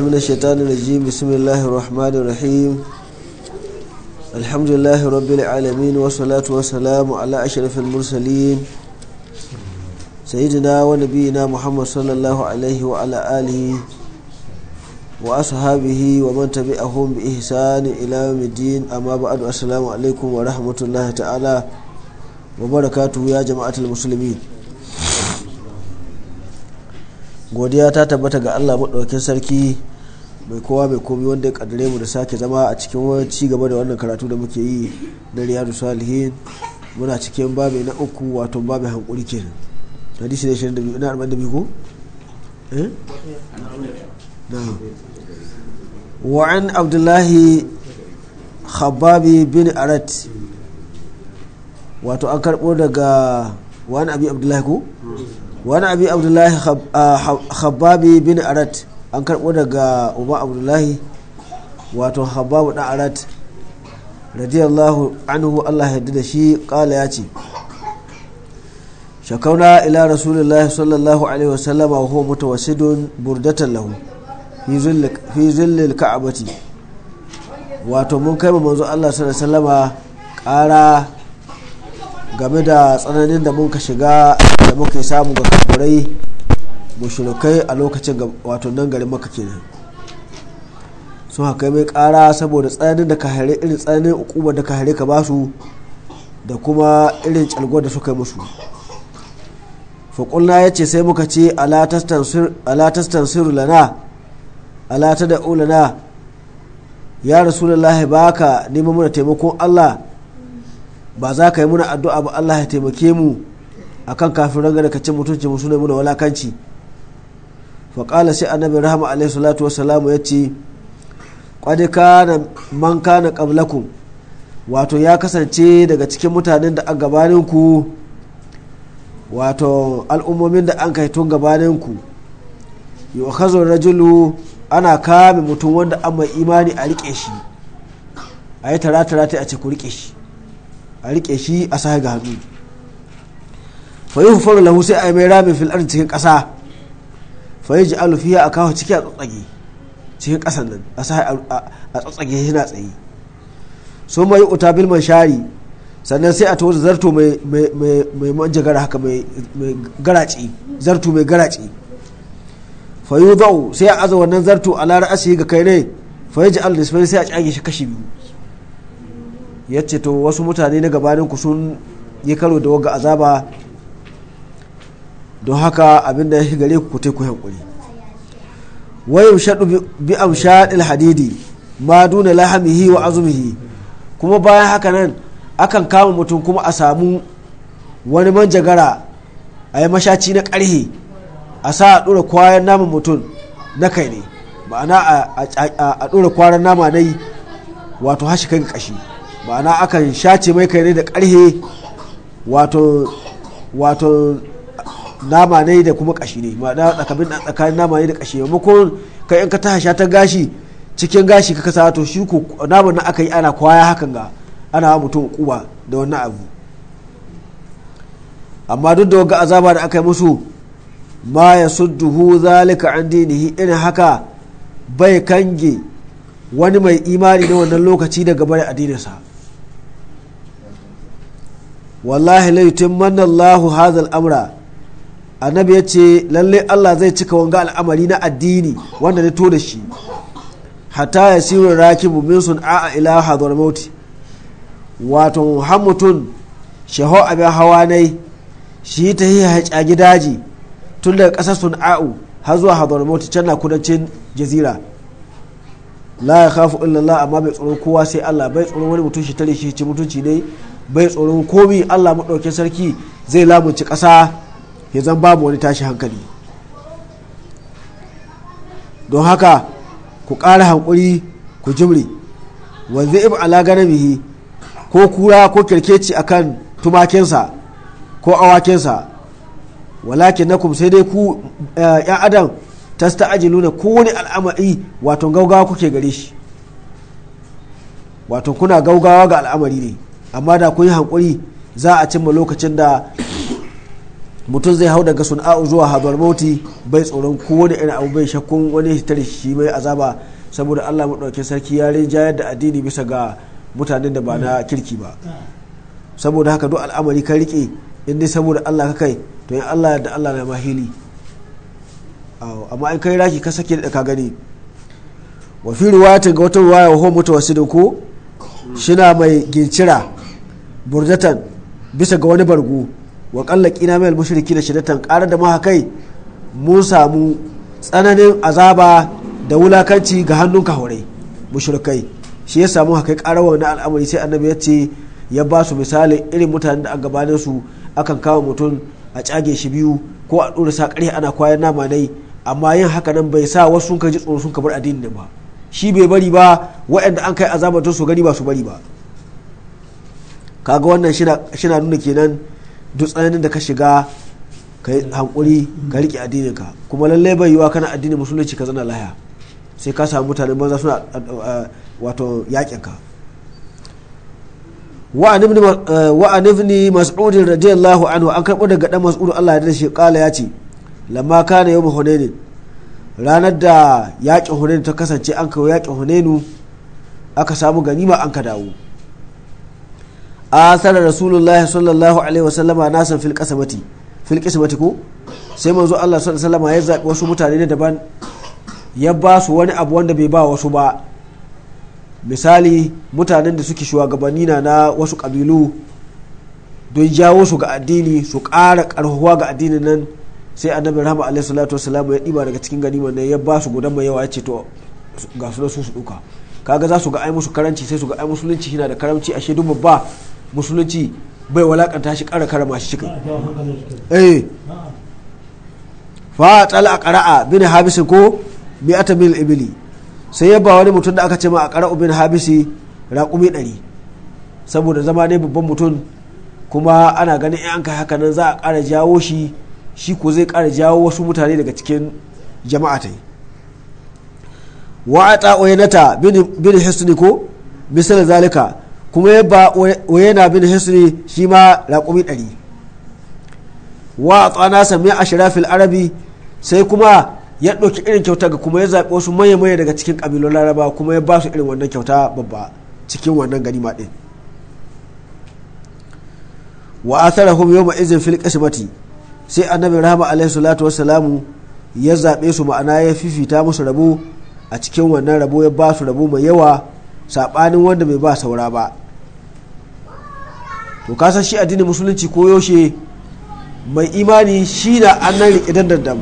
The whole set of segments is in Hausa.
من الشيطان الرجيم بسم الله الرحمن الرحيم الحمد لله رب العالمين والصلاة والسلام على أشرف المرسلين سيدنا ونبينا محمد صلى الله عليه وعلى آله وأصحابه ومن تبعهم بإحسان إلى يوم الدين أما بعد السلام عليكم ورحمة الله تعالى وبركاته يا جماعة المسلمين godiya ta tabbata ga allah maɗaukin sarki mai kowa mai komi wanda ya kaddare mu da sake zama a cikin wani ci gaba da wannan karatu da muke yi na riyadu salihin muna cikin babi na uku wato babi hankuri ke nan hadisi da shirin da biyu na arba'in da biyu ko وعن عبد الله خباب بن أرت wato an karɓo daga wani abi abdullahi ko wani abi abdullahi ah, khababi bin arat an karbo daga uba abdullahi wato hababu da arat radiyallahu anhu allah yadda da shi kala ya ce shakauna ila rasulullahi sallallahu alaihi wasallama wa huwa mutawassidun burdatan lahu fi zillil ka'abati wato mun kai ma manzo allah sallallahu alaihi wasallama kara game da tsananin da muka shiga da muka samu ga kafurai mushrikai a lokacin wato nan garin maka kenan sun haka mai kara saboda tsananin da kahare irin tsananin hukumar da kahare ka basu da kuma irin calgon da suka yi musu faƙulna ya ce sai muka ce alatastan siru lana alata da ulana ya lallahi ba ka neman muna taimakon allah ba za ka yi muna addu'a ba allah ya taimake mu akan kafin ranga da kacin mutunci musu ne muna walakanci faƙala sai annabi rahama alaihi salatu wasalamu ya ce ƙwadi kana man kana ƙablakum wato ya kasance daga cikin mutanen da a gabaninku wato al'ummomin da an kai tun gabaninku yi wa rajulu ana kame mutum wanda an mai imani a riƙe shi a yi tara ta a ce ku riƙe shi a riƙe shi a sa ga hannu fa yi lahu sai a yi mai ramin fil'ar cikin ƙasa fa ji alufiya a kawo ciki a tsatsage cikin ƙasar nan a sa a tsatsage yana tsaye so mai uta bil shari sannan sai a tawo zarto mai manjagara haka mai garaci zarto mai garaci fa yi zau sai a aza wannan zarto a lara ashe ga kai ne fa yaji al sai a cage shi kashi biyu ya ce to wasu mutane na gabanin ku sun yi karo da waga azaba don haka abin da ya gare ku kutai ku hankuri wayan shaɗu bi shaɗin hadidi ma duna lahamihi wa azumihi kuma bayan haka nan akan kama mutum kuma a samu wani manjagara a yi mashaci na ƙarhe a sa a ɗora kwayan naman mutum na kai ne ma'ana a ɗora kwayan nama yi wato hashi kan ƙashi ma'ana akan shace mai kai ne da ƙarhe wato nama ne da kuma kashi ne da tsakanin nama ne da kashi ko ka in ka ta hasha ta gashi cikin gashi ka kasa to shi ko naman na aka yi ana kwaya hakan ga ana wa mutum kuba da wannan abu amma duk da wagga azaba da aka yi musu ma ya sudduhu zalika an dinihi irin haka bai kange wani mai imani na wannan lokaci daga bari addininsa wallahi la yutimmanna Allahu hadha amra annabi ya ce lalle Allah zai cika wanga al'amari na addini wanda na to shi hatta ya sirin raki min sun a'a ila hadar mauti wato hamutun shaho abin hawa nai shi ta yi haƙa gidaji tun daga ƙasar sun a'u har zuwa hadar mauti can na kudancin jazira la ya kafu illallah amma bai tsoron kowa sai Allah bai tsoron wani mutum shi tare shi ci mutunci ne bai tsoron komi Allah maɗaukin sarki zai lamunci ƙasa ya zan babu wani tashi hankali don haka ku ƙara hankuri ku jimri wanzu ibu ala ko kura ko kirkeci akan tumakinsa ko awakinsa walakin na sai dai ku eh, ya adam ta sta'ajilu nuna kowane al'amari wato gaugawa kuke gare shi wato kuna gaugawa ga al'amari ne amma da kun yi hankuri za a cimma lokacin da mutum zai hau daga sun'a'u zuwa habar mauti bai tsoron kowane irin abu bai shakkun wani hitar shi mai azaba saboda allah mu maɗaukin sarki ya rinjayar da addini bisa ga mutanen da ba na kirki ba saboda haka duk al'amari ka riƙe in dai saboda allah ka kai to in allah da allah na mahili amma in kai raki ka sake da ka gani wa fi riwayatin ga wata riwaya wa ku ko shina mai gincira burjatan bisa ga wani bargo wa kallaki na mai mushriki da shidatan ƙara da mahakai kai mun samu tsananin azaba da wulakanci ga hannun kahurai mushrikai shi ya samu haka ƙarar wani al'amari sai annabi ya ce ya ba su misali irin mutanen da a gabanin su akan kama mutum a cage shi biyu ko a ɗora sa ƙarfi ana kwayan nama dai amma yin haka nan bai sa wasu sun ji tsoro sun kabar addini ba shi bai bari ba waɗanda an kai don su gari ba su bari ba kaga wannan shina nuna kenan duk tsananin da ka shiga ka yi hankuri ka rike addinin ka kuma lallai bai yiwa kana addinin musulunci ka zana laya sai ka samu mutanen banza suna eh, wato yakin ka eh, wa'an ibn mas'ud radiyallahu anhu an karɓo daga dan mas'ud Allah ya dace kala ya ce lamma kana yawm hunain ranar da yakin hunain ta kasance an kawo yakin hunainu aka samu ganima an ka dawo asar rasulullahi sallallahu alaihi wasallama nasan fil kasabati fil kismati ko sai manzo Allah sallallahu alaihi wasallama ya zabi wasu mutane ne daban ya ba su wani abu wanda bai ba wasu ba misali mutanen da suke shugabanni na wasu kabilu don jawo su ga addini su ƙara ƙarfafa ga addinin nan sai annabi rahama alaihi salatu wasallam ya ɗiba daga cikin gani ne ya ba su gudan mai yawa ya ce to ga su da su su duka kaga za su ga ai musu karanci sai su ga ai musulunci yana da karamci ashe duk babba musulunci bai walakanta shi kara kara masu cikin eh fa tsala a qara'a bin habisi ko bi atamil ibili sai ya ba wani mutum da aka ce ma a qara'u bin habisi raƙumi ɗari saboda zama ne babban mutum kuma ana ganin in an kai haka nan za a ƙara jawo shi shi ko zai ƙara jawo wasu mutane daga cikin jama'a ta yi wa a ta oyanata bin hisni ko misalin zalika kuma ya ba na bin hisri shi ma raƙumi ɗari wa tsana sami a shirafil arabi sai kuma ya ɗauki irin kyauta ga kuma ya zaɓi wasu manya maye daga cikin ƙabilun laraba kuma ya ba su irin wannan kyauta babba cikin wannan ma ɗin wa tsara hum yawma izin fil ƙasimati sai annabi rahama alaihi salatu ya zaɓe su ma'ana ya fifita musu rabo a cikin wannan rabo ya ba su rabo mai yawa saɓanin wanda bai ba saura ba to kasan shi addinin musulunci ko yaushe mai imani shi da an nan riƙe dandan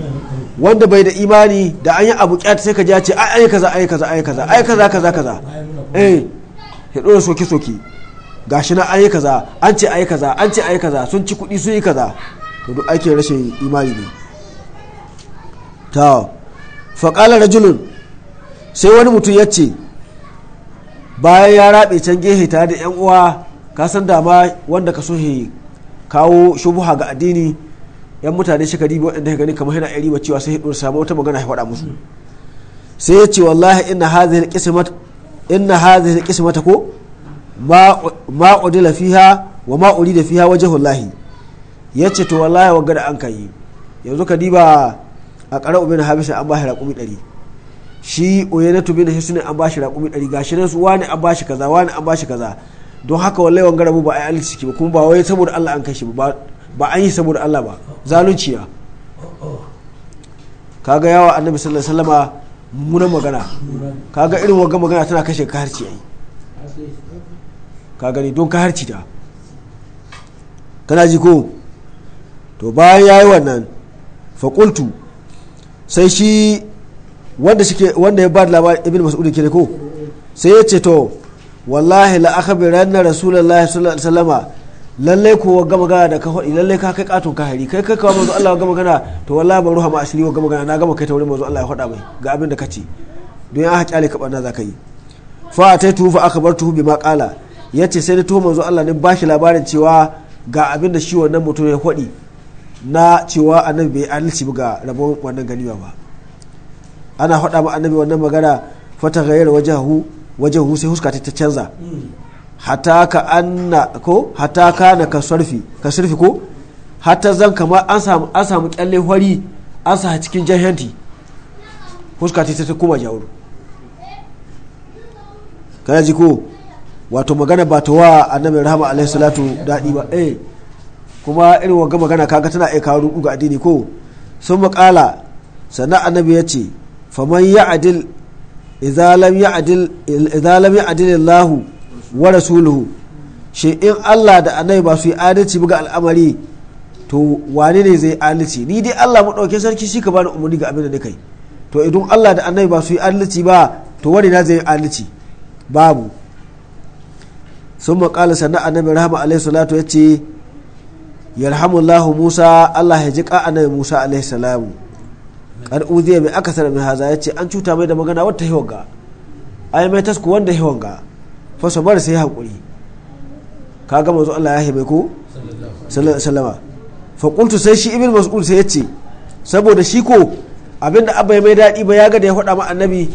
wanda bai da imani da an yi abu kyat sai ka ji ce ai kaza ai kaza ai kaza ai kaza kaza kaza eh ya dora soke soke gashi na ai kaza an ce ai kaza an ce ai kaza sun ci kuɗi sun yi kaza to duk ake rashin imani ne ta faƙala rajulun sai wani mutum ya ce bayan ya rabe can gehe tare da yan uwa ka san dama wanda ka sohe kawo shubuha ga addini yan mutane shi ka ribi waɗanda gani kamar yana iri ba cewa sai hidur samu wata magana ya faɗa musu sai ya ce wallahi inna hadhihi alqismat inna hadhihi alqismat ko ma ma udila fiha wa ma urida fiha wajhullahi yace to wallahi wa gada an kai yanzu ka diba a ƙara ubin habisa an bashi raƙumi ɗari shi oyenatu bin hisnin an bashi raƙumi ɗari gashi nan su wani an bashi kaza wani an bashi kaza don haka wallahi wanga mu ba yi alci ba kuma ba wai saboda Allah an kashe ba ba an yi saboda Allah ba zalunciya kaga yawa annabi sallallahu alaihi wasallama munan magana kaga irin wanga magana tana kashe ka harci ai kaga ni don ka harci ta kana ji ko to bayan yayi wannan qultu sai shi wanda shike wanda ya ba da labarin ibnu mas'ud ke ko sai ya ce to wallahi la akhbiran rasulullahi sallallahu alaihi wasallama lalle ko ga magana da ka faɗi lalle ka kai katon ka hari kai kai kawo manzo Allah ga magana to wallahi ban ruha ma ashiri ga magana na gama kai ta wurin manzo Allah ya faɗa mai ga abin da ka ce don ya haƙale ka na za ka yi fa a ataitu fa ma bima ya ce sai na tuhu manzo Allah ne bashi labarin cewa ga abin da shi wannan mutum ya faɗi na cewa annabi bai adalci ga rabon wannan ganima ba ana faɗa ma annabi wannan magana fata wajen wajahu wajen sai huska ta canza hata ka anna ko hata kana ka sarfi ka sarfi ko hata zan kamar an samu an samu kyalle hwari an sa cikin jahanti huska ta ta kuma jawuru kana ji ko wato magana ba ta wa annabi rahama alaihi salatu dadi ba eh kuma irin wanga magana kaga tana aika rudu ga addini ko sun makala sannan annabi ya ce faman ya adil idza lam ya'dil Allah wa rasuluhu shi in Allah da annabi ba su yi adalci ga al'amari to wane ne zai adalci ni dai Allah mu dauke sarki shi ka bani umarni ga abin da nake to idan Allah da annabi ba su yi adalci ba to wani na zai yi adalci babu sun maƙala sannan annabi rahama alaihi salatu ya ce yarhamullahu musa Allah ya ji ka annabi musa alaihi salamu an uziya bi akasar min haza ce an cuta mai da magana wata hiwanga ai mai tasku wanda hiwanga fa bar sai ka gama manzo Allah ya hibe ko sallama fa sai shi masu mas'ud sai ce saboda shi ko abinda abba ya mai daɗi ba ya ga da ya faɗa ma annabi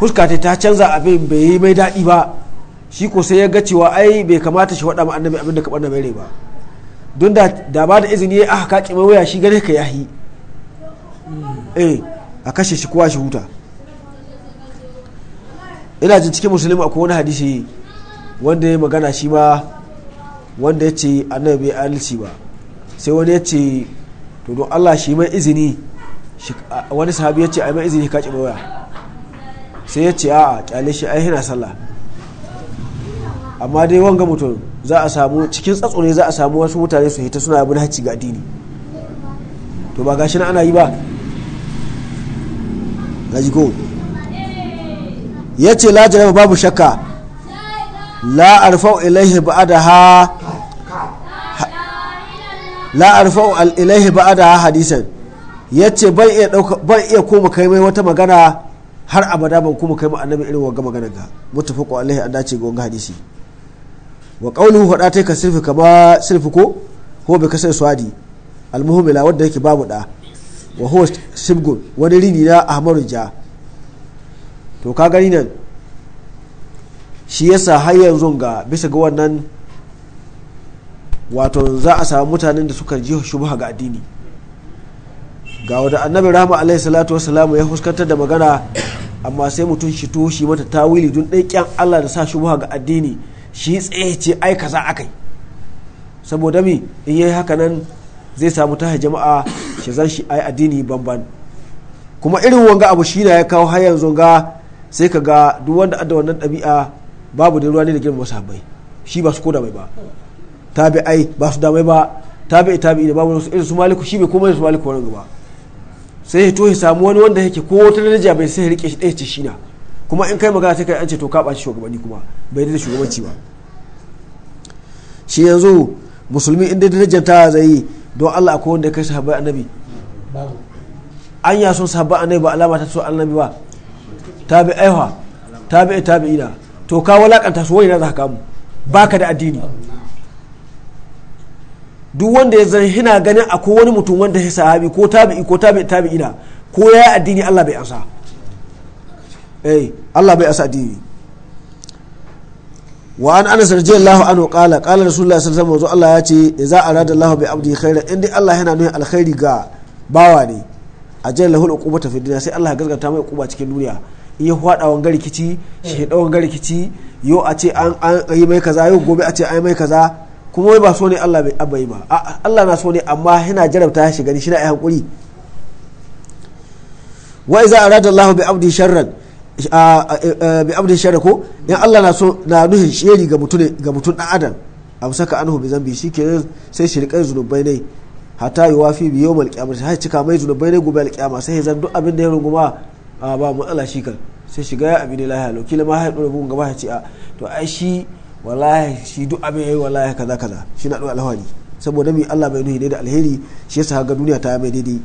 huska ta canza abin bai yi mai daɗi ba shi ko sai ya ga cewa ai bai kamata shi faɗa ma annabi abinda ka ɓanna mai rai ba don da ba da izini ya aka kaƙi mai waya shi gare ka yahi eh a kashe shi kowa shi huta ina jin cikin musulmi akwai wani hadisi wanda ya magana shi ma wanda ya ce annabi bai adalci ba sai wani ya ce to don Allah shi mai izini wani sahabi ya ce a mai izini kaci waya sai ya ce a'a kyale shi yi yana sallah amma dai wanga mutum za a samu cikin tsatso ne za a samu wasu mutane su hita suna bin hacci ga addini to ba gashi na ana yi ba na ko ya ce la jaraba babu shakka la'arfau arfa'u ilaihi ba'adaha la da ilaihi hadisan ya ce ban iya koma kai mai wata magana har abada ban koma kai mai annabi irin wanga magana ga muttafaqu alaihi an dace ga wanga hadisi wa kaulu fada ta ka sirfi sirfi ko ko bai kasar swadi almuhmila wanda yake babu da wa host shibgun wani rini na ahmadu ja to ka gani nan shi yasa har yanzu ga bisa ga wannan wato za a samu mutanen da suka ji shubha ga addini ga wanda annabi rahma alaihi salatu wassalamu ya fuskantar da magana amma sai mutum shi to shi mata tawili don ɗaiƙyan Allah da sa shubha ga addini shi tsaye ce ai kaza akai saboda mi in yayi haka nan zai samu ta jama'a shi zan shi ai addini banban kuma irin wanga abu shi ya kawo har yanzu ga sai ka ga duk wanda adda wannan ɗabi'a babu da ruwa ne da girma sahabbai shi ba su koda mai ba tabi'ai ba su damai ba tabi'i tabi'i da babu wasu irin su maliku shi bai komai su maliku wani gaba sai ya to ya samu wani wanda yake ko wata daraja bai sai ya rike shi ɗaya ce na kuma in kai magana sai kai an ce to ka ɓaci shugabanni kuma bai da shugabanci ba shi yanzu musulmi inda darajar ta zai don Allah akwai wanda ya kai sahabbai annabi an ya son sahabbai annabi ba alama ta so annabi ba tabi aiwa tabi tabi ina to ka walakanta su wani na za ka ba ka da addini duk wanda ya zan hina ganin akwai wani mutum wanda ya sahabi ko tabi ko tabi tabi ina ko ya yi addini Allah bai ansa eh Allah bai ansa addini wa an anas radiyallahu anhu qala qala rasulullah sallallahu alaihi wasallam Allah ya ce idza arada Allah bi abdi khaira in Allah yana nuna alkhairi ga bawa ne ajalla lahul uqubata fi dunya sai Allah ya gaskata mai uquba cikin duniya in ya hwada wanga rikici shi da wanga rikici yo a ce an yi mai kaza yau gobe a ce an yi mai kaza kuma wai ba so ne Allah bai abai ba Allah na so ne amma yana jarabta shi gani shi na ai hankuri wa idza arada Allah bi abdi sharran bi abdin shari ko in Allah na so na nuhin sheri ga mutum ga mutum dan adam a musaka anhu bi zambi kenan sai shirkai zunubai ne hata yi wafi bi yawmal qiyamah sai cika mai zunubai ne gobe alqiyama sai zan duk abin da ya runguma a ba tsala shi kan sai shiga ya abin lahi alo ma haɗu da bugun gaba ya ce a to ai shi wallahi shi duk abin yayi wallahi kaza kaza shi na ɗau alhawari saboda mi Allah bai nuhi ne da alheri shi yasa ga duniya ta mai daidai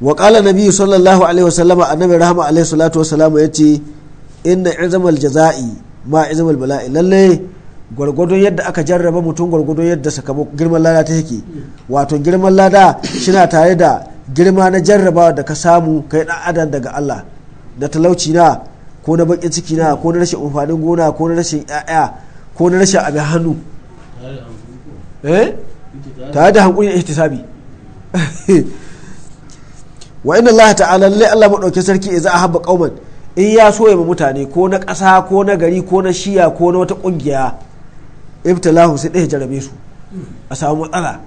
wa qala nabi sallallahu alaihi wasallama annabi rahama alaihi salatu wasallamu yace inna izamal jaza'i ma izamal bala'i lalle gwargwadon yadda aka jarraba mutum gwargwadon yadda sakamako girman lada ta yake wato girman lada shina tare da girma na jarrabawa da ka samu kai dan adam daga Allah na talauci na ko na bakin ciki na ko na rashin amfanin gona ko na rashin ƴaƴa ko na rashin abin hannu eh tare da hankulin ihtisabi wa inna Allah ta'ala lalle Allah madaukakin sarki idza ahabba qauman in ya so ya mutane ko na ƙasa ko na gari ko na shiya ko na wata ƙungiya ibtalahu sai ɗaya jarabe su a samu matsala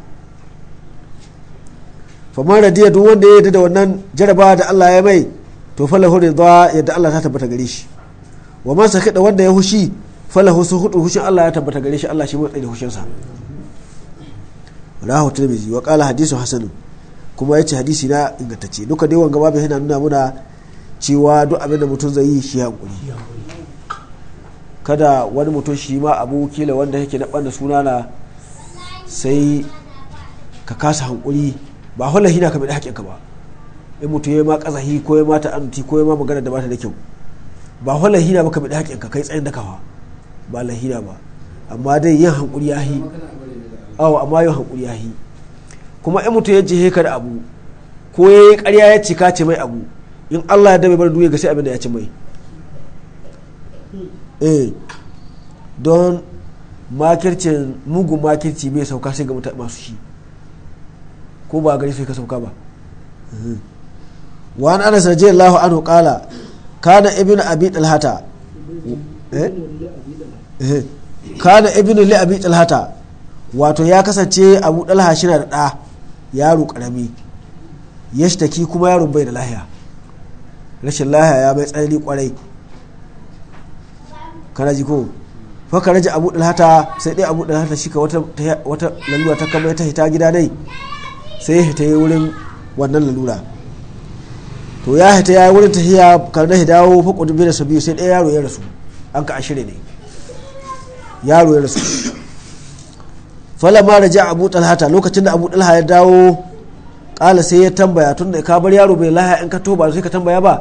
faman radiya duk wanda ya da wannan jaraba da Allah ya mai to falahu ridwa yadda Allah ta tabbata gare shi wa man sakida wanda ya hushi falahu suhudu hushin Allah ya tabbata gare shi Allah shi mai tsaye da hushinsa rahu tirmidhi wa qala hadithu hasanun kuma ya ce hadisi na ingantacce duka dai wanga babu yana nuna muna cewa duk abin da mutum zai yi shi hankuli. kada wani mutum shi ma abu kila wanda yake na ɓanda suna na sai ka kasa hankuri ba hulahi na kamar haƙinka ba in mutum ya ma ƙazahi ko ya ma anuti ko ya ma magana da bata da kyau ba hulahi na ba kamar haƙinka kai tsayin dakawa ba lahina ba amma dai yin hankuri ya hi awa amma yin hankuri ya hi kuma in mutum ya jihe ka da abu ko ya yi karya ya ce ce mai abu in Allah ya dame bar duniya ga sai abin da ya ce mai eh don makircin mugun makirci bai sauka sai ga masu shi ko ba gari sai ka sauka ba eh. wa an anas allahu anhu qala kana ibnu abi talhata eh, eh, kana ibnu li abi talhata wato ya kasance abu dalha shi na da yaro karami ya shi kuma yaro bai da lahiya rashin lahiya ya bai tsanani kwarai karaji ko faka raji abu dalhata sai dai abu dalhata shi ka wata lalura ta kama ta hita gida dai sai ya hita wurin wannan lalura to ya hita ya wurin tahiya karnar ya dawo fakon dubi da sabiyu sai ɗaya yaro ya rasu an ka ashire ne yaro ya rasu falamma raja abu talhata lokacin da abu talha ya dawo kala sai ya tambaya tun da ka bar yaro bai laha in ka to ba sai ka tambaya ba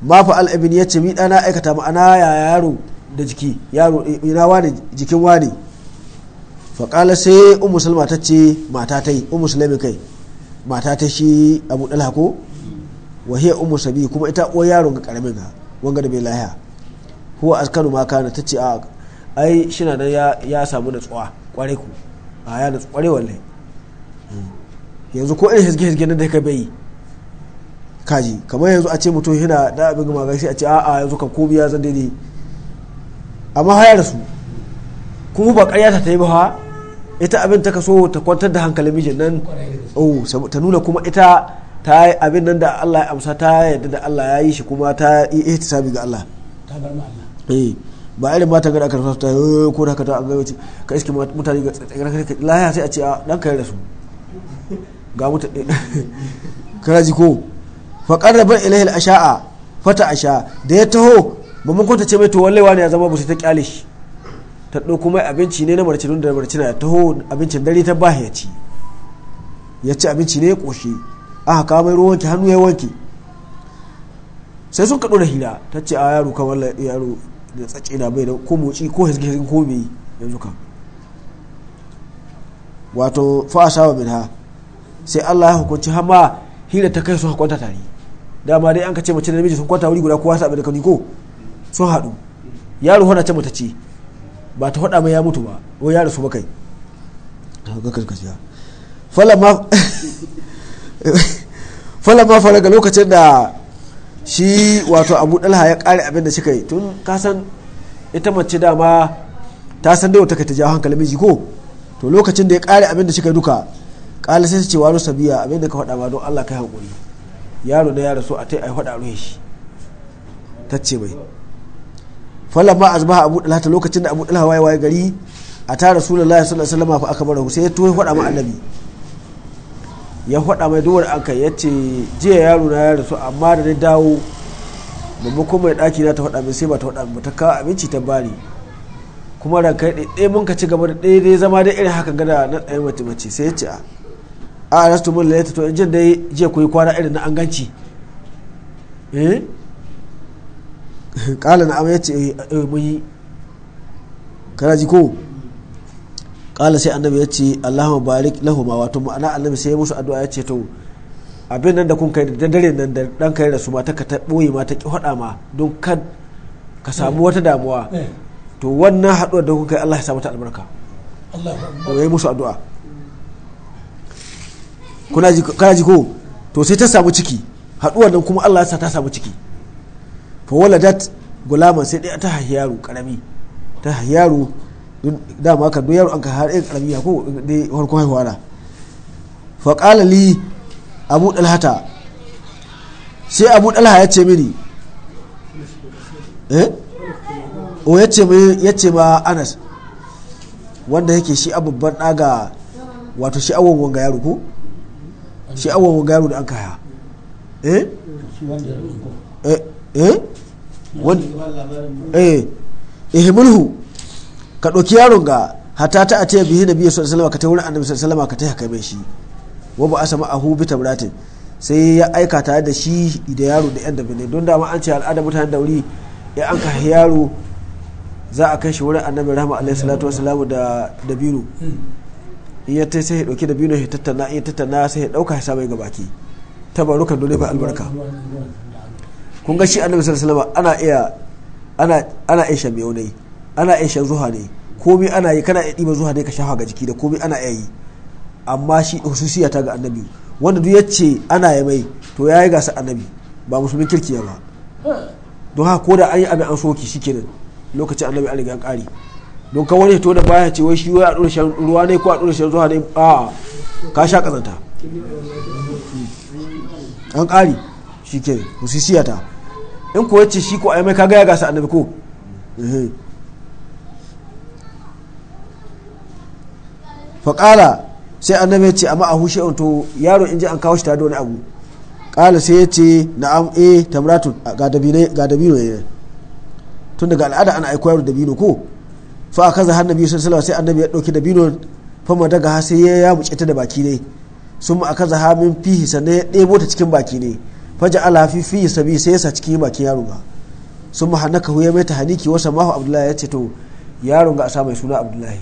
ma fa al'abin ya ce mi dana aikata ma'ana ya yaro da jiki yaro ina wani jikin wani fa kala sai ummu salma ta ce mata ta yi ummu sulaimin kai mata ta shi abu dalha ko wa hiya ummu sabi kuma ita uwar yaro ga karamin ga wanga da bai laha huwa askanu ma kana ta ce a ai shi na ya samu natsuwa kwarai ku a ah, ya da tsware hmm. yanzu ko irin hizge hizge na da ka bai kaji kamar yanzu a ce mutum yana da abin gama a ce a'a yanzu ka ko biya zan daidai amma haya da su kuma ba karyata ta yi ba ita abin ta kaso ta kwantar da hankalin mijin nan oh, ta nuna kuma ita ta yi abin nan da Allah ya amsa ta yadda da Allah ya yi shi kuma ta yi ihtisabi ga Allah ta bar ma Allah eh. ba irin ta gada aka rasa ta yi eh, ko da kata ta gaba ce ka iske mutane ga tsakiyar lahiya sai a ce a ah, dan ka rasu ga mutane kana ji ko fa qarraba ilayhi al-asha'a fata asha da ya taho ba mun kwanta ce mai to wallahi wani ya zama ba sai ta kyale shi ta dauko mai abinci ne na marcinun da marcina ya taho abincin dare ta bahi ya ci ya ci abinci ne ya koshe aka kawo mai ruwanki hannu ya wanke sai sun kaɗo da hira ta ce a ah, yaro kamar yaro da tsace da bai da ko motsi ko hasge ko mai yanzu kan wato fa asaba minha sai Allah ya hukunci hama hira ta kai su ha kwanta tare dama dai an ka ce mace da namiji sun kwanta wuri guda kowa sabe da kani ko sun haɗu yaro hana ce mata ce ba ta faɗa mai ya mutu ba ko ya rasu ba kai fala ma fara ga lokacin da shi wato abu dalha ya kare abin da suka yi tun kasan ita mace dama ta san da wata ka ta jawo hankali miji ko to lokacin da ya kare abin da suka yi duka kala sai su ce wani sabiya abin da ka faɗa ba don allah kai hankuri yaro na yaro so a ta yi faɗa ruhe shi ta ce mai falon ma azbaha abu dalha ta lokacin da abu dalha waye waye gari a sunan lahi sallallahu alaihi wasallam fa aka barahu sai ya tuwo faɗa ma annabi ya faɗa mai duwar aka ya ce jiya yaro na ya rasu amma da na dawo maimakon mai ɗaki na ta faɗa mai sai ba ta faɗa mai ta kawo abinci ta bani kuma da kai ɗaya mun ka ci gaba da ɗaiɗai zama dai irin haka gada na tsaye mace mace sai ya ce a a rasu mun lalata to in jin dai jiya ku yi kwana irin na an ganci eh kala na amma ya ce eh, eh, mun yi kana ji ko kala sai annabi ya ce allahu barik ma wato ma'ana annabi sai ya musu addu'a ya ce to abin nan da kun kai da dare nan da dan kai da su mata ka ta boye ma ta ki hada ma don kan ka samu wata damuwa eh. Eh. to wannan haduwar da kun kai Allah ya sa mata albarka Allah ya musu addu'a kuna ji kana ji ko to sai ta samu ciki haduwar nan kuma Allah ya sa ta samu ciki fa waladat gulaman sai dai ta haihu yaro karami ta haihu yaro dama ka duk yaro an ka har irin karamiya ko haihuwa na fa li abu ɗalhata sai abu dalha ya ce mini eh o ya ce ya ce ma anas wanda yake shi abubban daga wato shi awon wanga yaro ko shi awon wanga yaro da an kaya eh eh eh eh eh ka ɗauki yaron ga hata ta a taya bihi nabi sallallahu alaihi ka ta wurin annabi sallallahu alaihi ka haka mai shi wa ba asama ahu bi tabratin sai ya aika tare da shi da yaro da yan dabine don dama an ce al'ada mutanen wuri ya an ka yaro za a kai shi wurin annabi rahama alaihi salatu wasallam da dabiru in ya tai sai ya dauki dabiru ya tattana in ya tattana sai ya dauka ya samu ta baki tabarukan dole ba albarka kun ga shi annabi sallallahu alaihi ana iya ana ana iya shan ne ana iya shan zuha ne komai ana yi kana iya ɗiba zuha ne ka shafa ga jiki da komai ana iya yi amma shi hususiya ta ga annabi wanda duk yace ana yi mai to yayi gasa annabi ba musulmin kirkiya ba don haka ko da an yi abin an soki shikenan lokacin annabi an riga kari don ka wani to da baya ce wai shi wai a ɗora shan ruwa ne ko a ɗora shan zuwa ne a ka sha kazanta an kari shikenan hususiya ta in ko yace shi ko ai mai kaga ya gasa annabi ko faƙala sai annabi ya ce amma a hushe to yaro in ji an kawo shi tare da wani abu ƙala sai ya ce na'am eh tamratu ga dabino ne tun daga al'ada ana aiko yaro dabino ko fa aka zaha annabi sallallahu alaihi sai annabi ya dauki dabino fa ma daga sai ya ya buce ta da baki ne sun ma aka zaha min fihi sannan ya ɗebo ta cikin baki ne fa ala fi fihi sabi sai ya sa cikin bakin yaro ba sun ma hannaka ya mai ta haniki wasa mahu abdullahi ya ce to yaron ga a sa mai suna abdullahi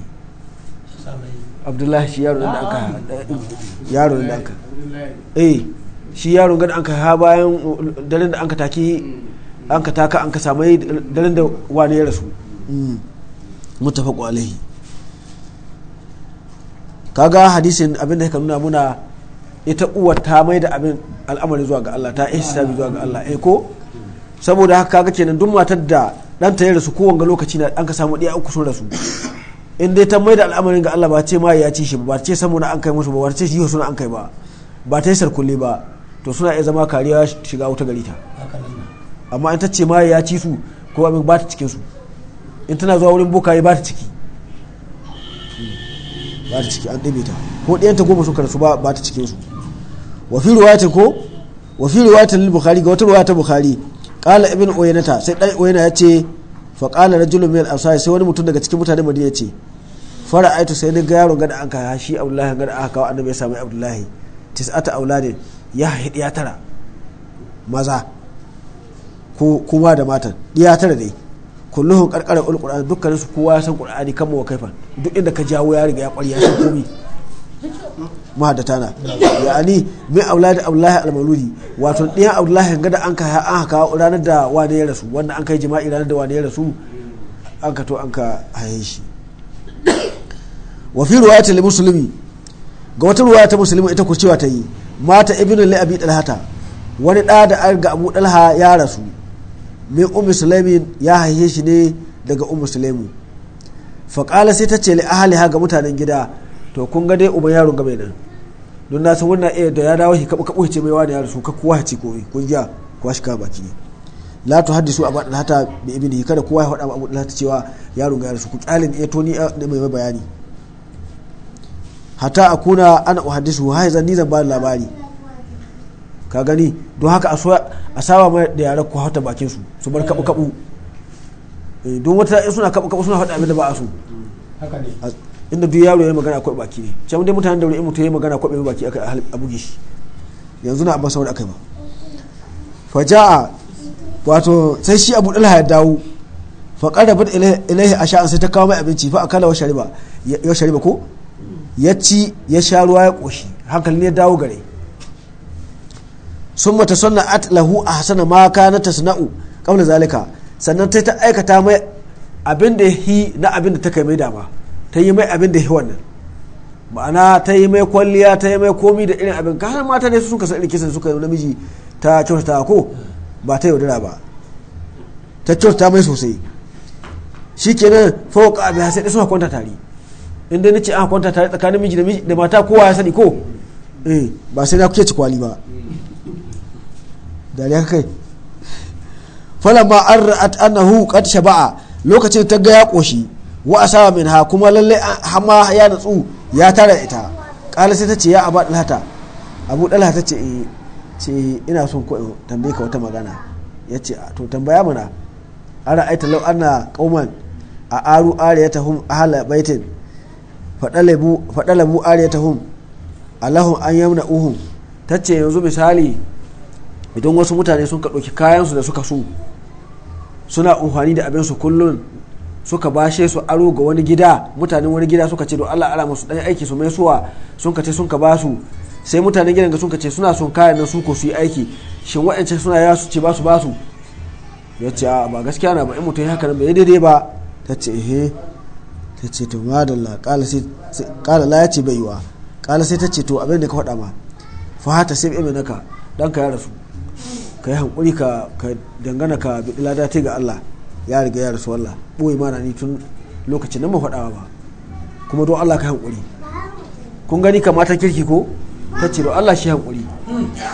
abdullahi shi yaro da aka yaro da aka eh shi yaro gada an ka ha bayan daren da an ka taki an ka taka an ka samu daren da wani ya rasu mm. mutafaqu alaihi kaga hadisin abin da ka nuna muna ita uwar ta mai da abin al'amari zuwa ga Allah ta ihsabi zuwa ga Allah eh ko saboda haka kaga kenan duk matar da ɗanta ya rasu kowanne lokaci na an ka samu ɗaya uku sun rasu in dai ta mai da al'amarin ga Allah ba ce ma ya ci shi ba ce samu na an kai musu ba ce shi suna an kai ba ba ta yi sarkulle ba to suna iya zama kariya shiga wuta gari ta amma in ta ce ma ya ci su ko abin ba ta cikin su in tana zuwa wurin bokaye ba ta ciki ba ta ciki an ɗabe ta ko ɗiyanta goma sun su ba ta cikin su wa fi riwayatin ko wa fi lil bukhari ga wata riwaya ta bukhari qala ibn uyaynata sai dan ya ce fa qala rajulun min al-ansar sai wani mutum daga cikin mutanen madina ce. fara aitu sai ni ga yaro gada an kawo shi abdullahi gada aka kawo annabi ya sami abdullahi tis'ata auladin ya haihi ɗiyatara tara maza ko kuma da matan ɗiyatara tara dai kulluhun karkarar ulkur'ani dukkanin su kowa ya san qur'ani kan wa kaifan duk inda ka jawo ya riga ya kwari ya san komi mahaddata na ya'ani min auladin abdullahi almaludi wato ɗiyan abdullahi gada an ka an kawo ranar da wani ya rasu wanda an kai jima'i ranar da wani ya rasu an ka to an ka haye shi wa fi ta muslimi ga wata ruwa ta musulmi ita ku cewa ta yi mata ibnu li abi dalhata wani da da an ga abu dalha ya rasu min ummu sulaimi ya haihe shi ne daga ummu sulaimin fa qala sai ta ce li ha ga mutanen gida to kun ga dai uban yaron ga mai nan don na san wannan eh da ya dawo shi kabu kabu ce mai wani yaro su ka kowa ci ko kun ji kowa shi ka baki la tu hadisu abu dalhata bi ibnihi kada kowa ya hada abu dalhata cewa yaron ga ya rasu ku qalin eh to ni eh, mai bayani a akuna ana uhaddisu ha zan ni zan ba labari ka gani don haka a saba mai da yaran ku hauta bakin su su bar kabu kabu eh, don wata suna kabu kabu suna faɗa abin da ba a so inda duk yaro ya magana akwai baki ne can dai mutanen da wani mutum ya magana akwai baki aka abuge shi yanzu na abin saboda aka yi ba faja'a wato sai shi abu dalha ya dawo fa qarabat ilayhi asha'an sai ta kawo mai abinci fa akala wa shariba ya shariba ko ya ci ya sha ruwa ya ƙoshi hankali ne dawo gare sun mata sanna at lahu a hasana ma na ta sana'u kamar zalika sannan ta ta aikata mai abin da hi na abin da ta kai mai dama ta yi mai abin da hi wannan ma'ana ta yi mai kwalliya ta yi mai komi da irin abin kasar mata ne suka san irin kisan suka yi namiji ta kyautata ko ba ta yaudara ba ta kyautata mai sosai shikenan ka abin sai da suka kwanta tare in dai nace an kwanta tare tsakanin miji da mata kowa ya sani ko eh ba sai na kuke ci kwali ba ya kai ba an ra'at annahu qad shaba'a lokacin ta ga ya koshi wa asaba minha kuma lalle hama ya natsu ya tara ita kala sai ta ce ya aba dalhata abu dalhata ce eh, ce ina son ko tambaye ka wata magana ya ce to tambaya mana ara aita law anna qauman a aru ariyatahum ahla baitin faɗalabu ariyatahum alahun an yamna uhun ta ce yanzu misali idan wasu mutane sun ka ɗauki kayansu da suka su suna uhani da abinsu kullum suka bashe su aro ga wani gida mutanen wani gida suka ce don allah ala masu ɗan aiki su mai suwa sun ka ce sun ka ba su sai mutanen gidan sun ka ce suna son kayan nan su ko su yi aiki shin wa'ancan suna yawa su ce ba su ba su ya ce ba gaskiya na ba in mutum haka nan bai daidai ba ta ce ehe ta ce to madalla kala la ya ce bai yiwa kala sai ta ce to abin da ka faɗa ma fa hata sai bai naka dan ka ya rasu ka yi hankuri ka dangana ka bi da ta ga Allah ya riga ya rasu wallah boye na ni tun lokacin nan ba faɗawa ba kuma don Allah ka hankuri kun gani matan kirki ko ta ce don Allah shi hankuri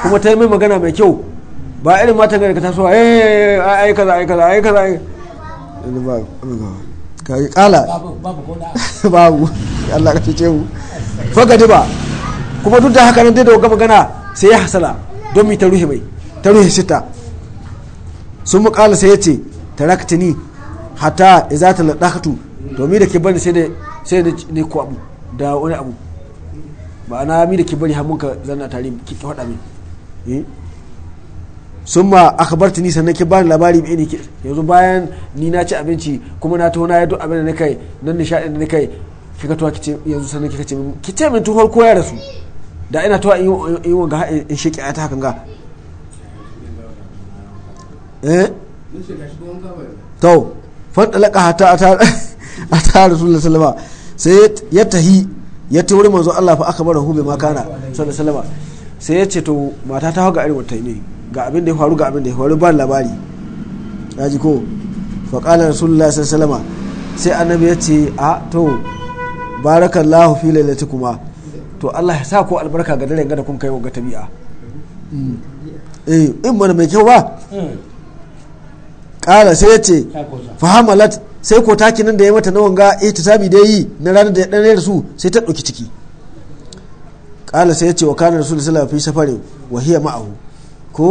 kuma ta yi mai magana mai kyau ba irin matan gari ka tasowa eh, ai kaza ai kaza ai kaza ai ba ka kala babu Allah ka cece mu fagadi ba kuma duk da haka nan dai da gaba gana sai ya hasala don mi ta ruhe mai ta ruhe shita sun mu kala sai ya ce taraktini hatta idza ladakatu domin da ke bari sai da sai ne ko abu da wani abu na mi da ke bari hamunka zanna tare ki faɗa min eh? sun ma akabarta ni sannan ke ba ni labari mai ne yanzu bayan ni na ci abinci kuma na tona ya duk abin da na kai nan nishaɗin da na kai kika tuwa kice yanzu sannan kika ce min ki ce min tuhuwar ko ya rasu da ina tuwa in yi wanga in shi ta hakan ga eh? to fan hata a ta rasulullah sallama sai ya tahi ya ta wuri manzo Allah fa aka bar hu bai makana sallallahu alaihi wasallam sai ya ce to mata ta ga irin wata ne ga abin da ya faru ga abin da ya faru ba labari ya ji ko sun rasulullah sallallahu sai annabi ya ce a to barakallahu fi lailati kuma to Allah ya sa ku albarka ga daren gada kun kai wa tabi'a hmm. eh in mana mai kyau ba kala hmm. sai ya ce fahamalat sai ko taki nan da ya mata na wanga ihtisabi da yi na ranar da ya dare da su sai ta ɗauki ciki kala sai ya ce wa kana rasulullahi sallallahu alaihi wasallam fi safari wa hiya ma'ahu ko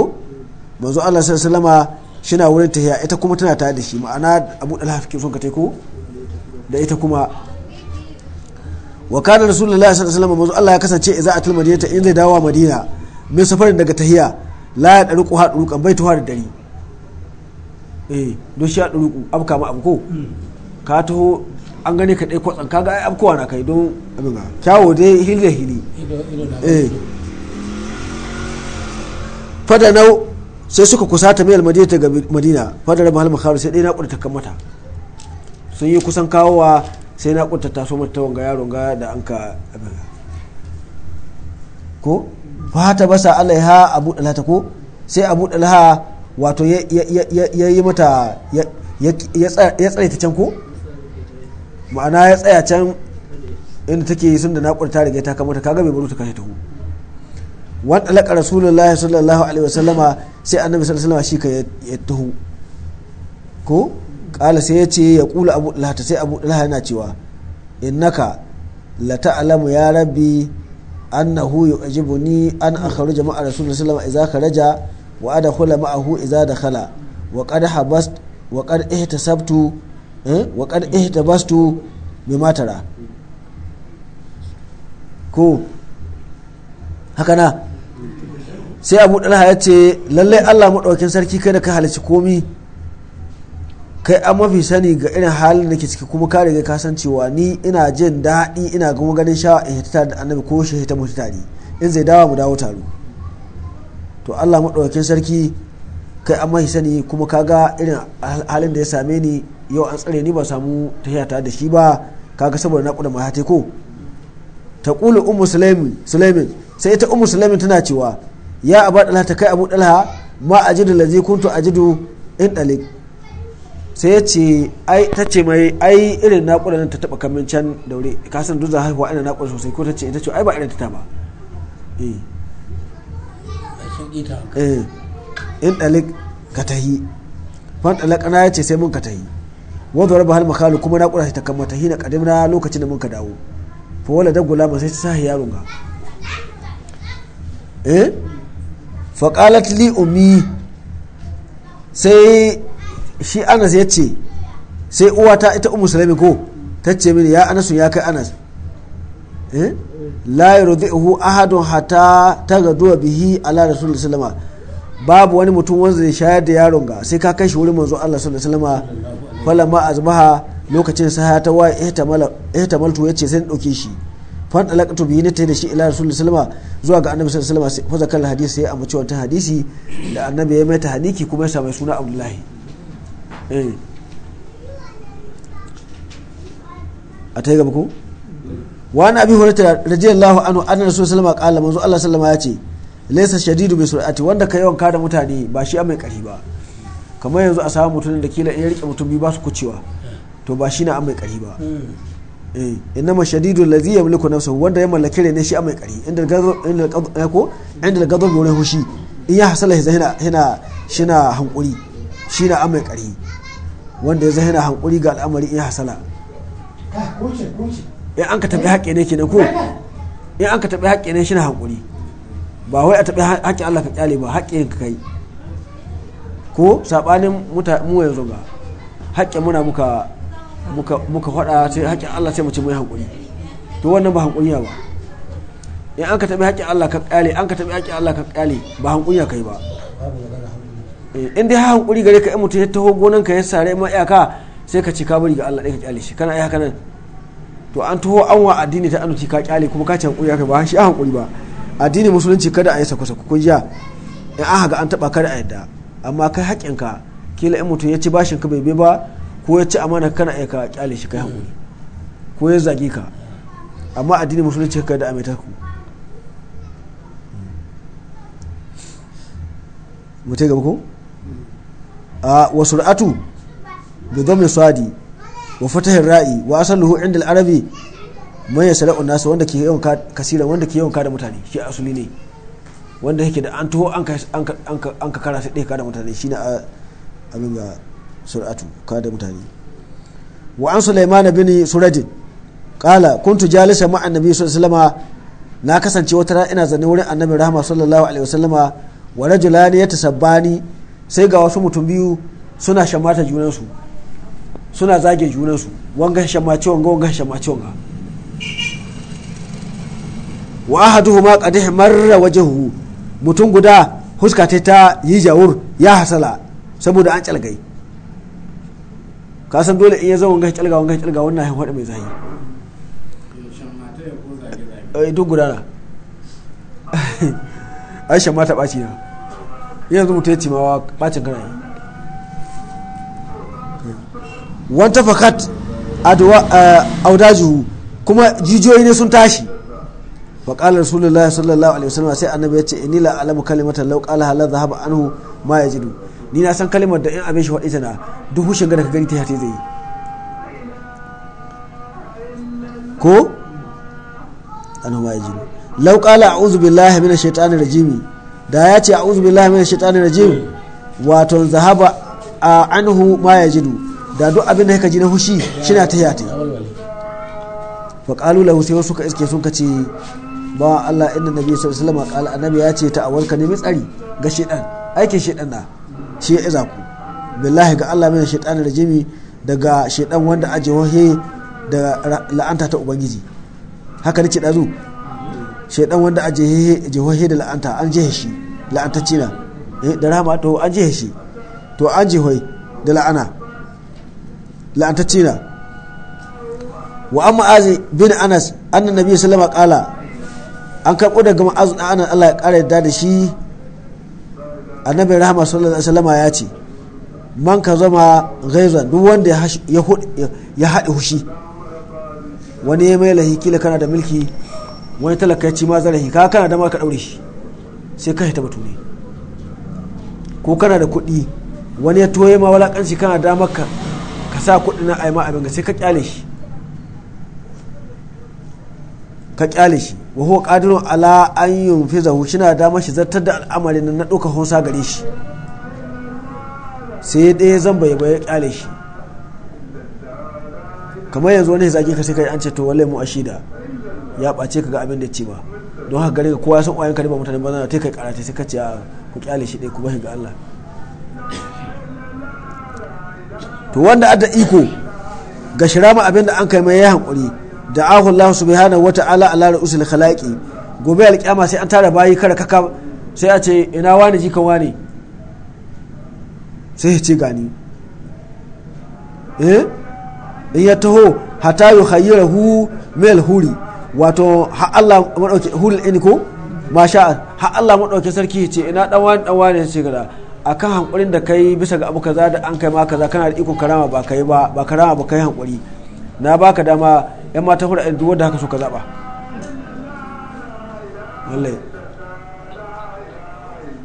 manzo Allah sallama shi na wurin tahiya ita kuma tana tare da shi ma'ana Abu Dalha ke son ka tai ko da ita kuma wa kana rasulullahi sallallahu alaihi wasallama manzo Allah ya kasance idza atil madinata in zai dawo Madina mai safarin daga tahiya la ya daruku ha darukan bai tuwa da dari eh don shi ya daruku abka ma abko ka taho an gane ka dai kwatsan kaga ai abkowa na kai don abin ga kyawo dai hilda hili eh fada nau sai suka kusata mai almadina ta madina fada da mahal makharu sai dai na kudu kan mata sun yi kusan kawowa sai na kudu ta so mata wanga yaron ga da an ka ko fata basa ha abu dalata ko sai abu dalha wato ya yi mata ya tsaye ta can ko ma'ana ya tsaya can inda take sun da na ta rage ta kamata kaga bai baro ta kashe ta ku wa talaka rasulullahi sallallahu alaihi wasallama sai annabi sallallahu alaihi shi ka ya tuhu ko kala sai ya ce ya kula abu lahata sai abu lahata yana cewa innaka la ta'lamu ya rabbi annahu yu'jibuni an akhruja ma'a rasulullahi sallallahu alaihi wasallam idza raja wa adkhula ma'ahu idza dakhala wa qad habast wa qad ihtasabtu eh, wa qad ihtabastu bima ko haka na sai abu ɗan ya ce lallai allah maɗaukin sarki kai da ka halici komi kai an mafi sani ga irin halin da ke ciki kuma ka riga ka cewa ni ina jin daɗi ina gama ganin shawa in hita da annabi ko shi hita mutu tare in zai dawa mu dawo taro to allah maɗaukin sarki kai an mafi sani kuma ka ga irin halin da ya same ni yau an tsare ni ba samu ta hiyata da shi ba kaga saboda na kuɗa mahate ko ta ƙulu ummu sulaimin sai ita ummu sulaimin tana cewa ya abu dalha ta kai abu dalha ma jidu lazi kuntu jidu in dalik sai ya ce ai ta ce mai ai irin naƙuda nan ta taɓa kamin can daure ka san duk haihuwa ina naƙuda sosai ko ta ce ita ce ai ba irin ta ba eh, eh. in dalik ka tahi fan dalik ana ya ce sai mun ka tahi wanda rabu hal makalu kuma naƙuda ta kama tahi na kadimna lokacin da mun ka dawo fa wala da gulama sai ta sahi yaron ga eh faƙalat li umi sai shi anas ya ce sai uwata ita umu sulaimin ko ta ce mini ya anasu ya kai anas eh? la yurdihu ahadun hatta tagadu bihi ala da sallallahu alaihi babu wani mutum wanda zai shayar da yaron ga sai ka kai shi wurin manzo Allah sallallahu alaihi wasallam falamma azbaha lokacin sa ta wa ihtamal ihtamaltu yace sai dauke shi fa alaqatu bi ta da shi ila rasul sallama zuwa ga annabi sallallahu alaihi wasallam fa zakal hadisi ya amince wannan hadisi da annabi ya mai ta hadiki kuma ya samu suna abdullahi eh a ta gaba ko wa na abi hurairah radiyallahu anhu anna rasul sallallahu alaihi wasallam qala Allah sallama ya ce laysa shadidu bi sur'ati wanda ka yawan kada mutane ba shi mai kari ba kamar yanzu a samu mutumin da kila in ya rike mutum biyu ba su kucewa to ba shi na mai kari ba hmm. Eh, inna ma shadidu allazi yamliku nafsuhu wanda ya mallaki rene shi a mai kari inda gazab inda gazab eh, ko inda gazab gore hushi in ya hasala hina hina shina hankuri shina a mai kari wanda ya zahina hankuri ga al'amari in ya hasala ah, in an ka tabi haƙe ne kenan ko in an ka tabi haƙe ne shina hankuri ba wai a tabi haƙe Allah ka kyale ba haƙe ka kai ko sabanin mu yanzu ba haƙe muna muka muka faɗa ta haƙƙin Allah sai mu ce mu yi haƙuri to wannan ba haƙuriya ba in an ka taɓi haƙƙin Allah ka ƙyale an ka taɓi haƙƙin Allah ka ƙyale ba haƙuriya kai ba eh, in dai haƙuri gare ka in mutum ya taho gonan ka ya sare ma iyaka sai ka ci ka bari ga Allah ɗaya ka ƙyale shi kana yi haka nan to an taho an wa addini ta annuci ka ƙyale kuma ka ci haƙuri kai ba shi haƙuri ba addini musulunci kada a yi sako-sako kun jiya in an ga an taɓa kada a yadda amma kai haƙƙinka kila in mutum ya ci bashin ka bai bai ba ko ya ci amana kana iya ka kyale shi kai hankuli ko ya zage ka amma addini musulunci kai da amita ku mutai gaba ko a wasu ra'atu da dhammi swadi wa fatahin ra'i wa asaluhu inda al'arabi mai yasa yasra'u nasu wanda ke yawan kasira wanda ke yawan kada mutane shi asuli ne wanda yake da an taho an ka kara sai ɗaya kada mutane shi na abin ga sur'atu ka da mutane wa an sulaiman bin surajin kala kuntu jalisa ma annabi sallallahu alaihi na kasance wata rana ina zanne wurin annabi rahma sallallahu alaihi wasallama wa rajulani yatasabbani sai ga wasu mutum biyu suna shamata junansu suna zage su wanga shamace wanga wanga shamace wanga wa ahaduhuma qad marra wajhu mutum guda huska ta yi jawur ya hasala saboda an calgai ka san dole in ya zama wanga kyalga wanga kyalga wannan ya hada mai zahi eh, duk gudana aisha mata ɓaci na yanzu mutum ya cimawa ɓacin kana yi wanta fakat eh, audajuhu kuma jijiyoyi ne sun tashi faƙalar rasulullahi sallallahu alaihi wasallam sai annabi ya ce inila alamu kalimatan lau ƙala halar dhahaba anhu ma ya jidu ni na san kalmar da in abin shi faɗi tana duk hushin gada da ka gani ta zai yi ko ana ma yaji law a a'udhu billahi minash shaitanin rajimi da ya ce a a'udhu billahi minash shaitanin rajimi wato zahaba a anhu ma ya jidu da duk abin da ka ji na hushi na ta yata fa qalu lahu sai ka iske sun kace ba Allah inda nabi sallallahu alaihi wasallam qala annabi ya ce ta awarka ne tsari ga shaitan aikin shaitan na shi ya iza ku billahi ga Allah mai shaitan rajimi daga shaidan wanda a jihohi da la'anta ta ubangiji haka nace dazu shaidan wanda a jihohi da la'anta an jihe shi la'antacce na eh, da rahama to an jihe shi to an jihohi da la'ana la'antacce na wa amma azi bin anas annan nabi sallama kala an karbo daga ma'azu da anan Allah ya kara yadda da shi annabi rahama sallallahu alaihi wasallama ya ce man ka zama gaiza duk wanda ya haɗe hushi wani ya mai lahi kila kana da mulki wani talaka ya ci ma zarafi ka kana da ma ka ɗaure shi sai ka hita batu ne ko kana da kuɗi wani ya toye ma walakanci kana da maka ka sa kuɗi na aima abin ga sai ka kyale shi ka kyale shi wa huwa qadirun ala an yunfizahu shina damar shi zartar da al'amarin na ɗauka hosa gare shi sai dai zan bai bai kyale shi kamar yanzu wani zaki ka sai kai an ce to wallahi mu ashida ya ɓace ka ga abin da ce ba don haka gare ka kowa san ƙwayen kariba mutane ba zana kai karate sai ka ce a ku kyale shi dai ku bashi ga Allah to wanda adda iko ga shirama abin da an kai mai ya hankuri da ahu Allah subhanahu wa ta'ala ala ra'usul khalaqi gobe alƙiyama sai an tara bayi kara kaka sai a ce ina wani jikan wani sai ya ce gani eh in ya taho hata yu khayyirahu mil huri wato ha Allah madauke hurul in ko masha ha Allah madauke sarki ya ce ina dan wani dan wani ya ce gara akan hankurin da kai bisa ga abu kaza da an kai ma kaza kana da iko karama ba kai ba ba karama ba kai hankuri na baka dama yan mata hudu eh, duk wadda haka so ka zaba wallahi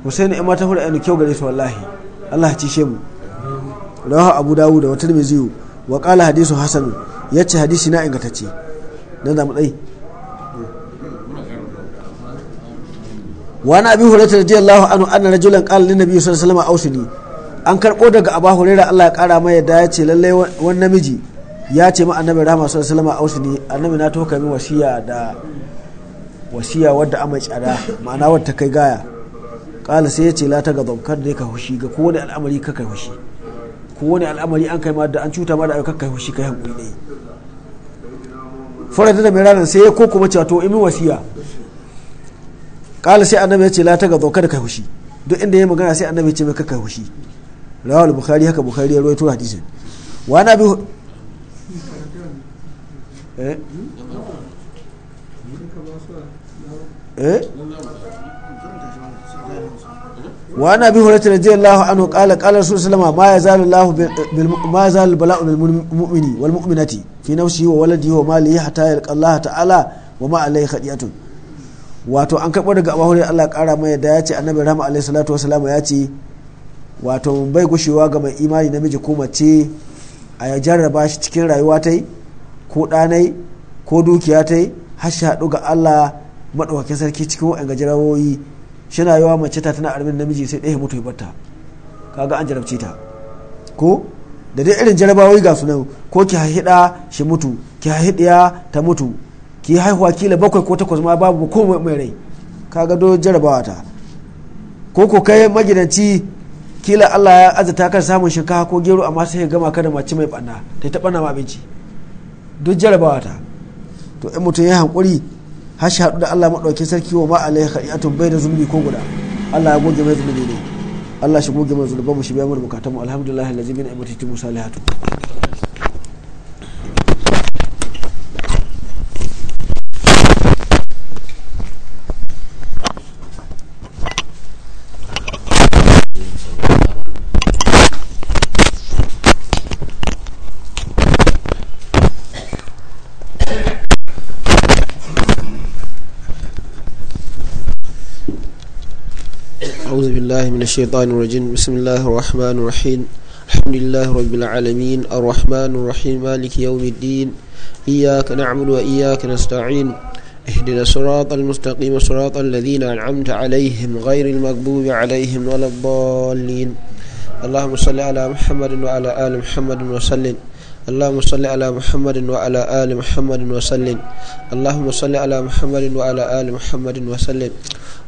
husaini yan mata hudu eh, kyau gare su wallahi Allah ci shemu rawahu abu da dawud mai ziyu wa qala hadisu hasan ce hadisi na ingantacce dan zamu tsayi wani abi hurairah radiyallahu anu anna rajulan qala biyu nabiy sallallahu alaihi wasallam ausini an karbo daga abu hurairah Allah ya kara mai yadda ce lallai wani namiji ya ce ma annabi rahama sallallahu alaihi wasallam ausini annabi na toka min wasiya da wasiya wadda a mai tsada ma'ana wadda ta kai gaya kala sai ya ce lata ga zamkar da ka hushi ga kowane al'amari ka kai hushi kowane al'amari an kai ma da an cuta ma da ka kai hushi kai hankuri ne fara da mai ranar sai ya ko kuma cewa to imin wasiya kala sai annabi ya ce lata ga zamkar da kai hushi duk inda ya magana sai annabi ya ce mai ka kai hushi rawal bukhari haka bukhari ya ruwaito hadisin wa annabi Eh? Eh? wa ابي هريره رضي الله عنه قال قال رسول الله ma yazalu allah bil ma yazalu bala'u lil mu'mini wal mu'minati fi nafsihi wa waladihi wa malihi hatta yalqa allah ta'ala wa wato an karɓo daga abu hurairah Allah ƙara mai da ya ce annabi rahma alaihi salatu ya ce wato bai gushewa ga mai imani namiji ko mace a jarraba shi cikin rayuwa ta yi ko ɗanai ko dukiya ta yi har shi haɗu ga Allah maɗaukakin sarki cikin wa'anga shi na yawa mace ta tana armin namiji sai ɗaya mutu ya kaga an jarabce ta ko da dai irin jarabawoyi ga sunan ko ki hahida shi mutu ki hahidiya ta mutu ki haihuwa kila bakwai ko takwas ma babu ko mai rai kaga do jarabawa ta ko ko kai magidanci kila Allah ya azata kan samun shinkafa ko gero amma sai ya gama kada da mace mai banna ta ta banna ma abinci duk jarabawa ta to in mutum ya hankuri har shi haɗu da Allah maɗauki sarki wa ma'alai khari'atun bai da zunubi ko guda Allah ya goge mai zunubi ne Allah shi goge mai zunuban mu shi biya mu bukatun mu alhamdulillah allazi bi ni'matihi tusalihatu بالله من الشيطان الرجيم بسم الله الرحمن الرحيم الحمد لله رب العالمين الرحمن الرحيم مالك يوم الدين إياك نعبد وإياك نستعين اهدنا الصراط المستقيم صراط الذين أنعمت عليهم غير المغضوب عليهم ولا الضالين اللهم صل على محمد وعلى آل محمد وسلم اللهم صل على محمد وعلى آل محمد وسلم اللهم صل على محمد وعلى آل محمد وسلم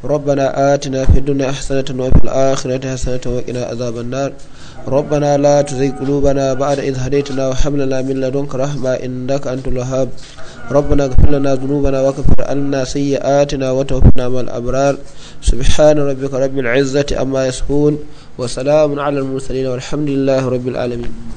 ربنا آتنا في الدنيا حسنة وفي الآخرة حسنة وقنا عذاب النار ربنا لا تزغ قلوبنا بعد إذ هديتنا وهب لنا من لدنك رحمة إنك أنت الوهاب ربنا اغفر لنا ذنوبنا واغفر عنا سيئاتنا وتوفنا مع الأبرار سبحان ربك رب العزة أما يصفون وسلام على المرسلين والحمد لله رب العالمين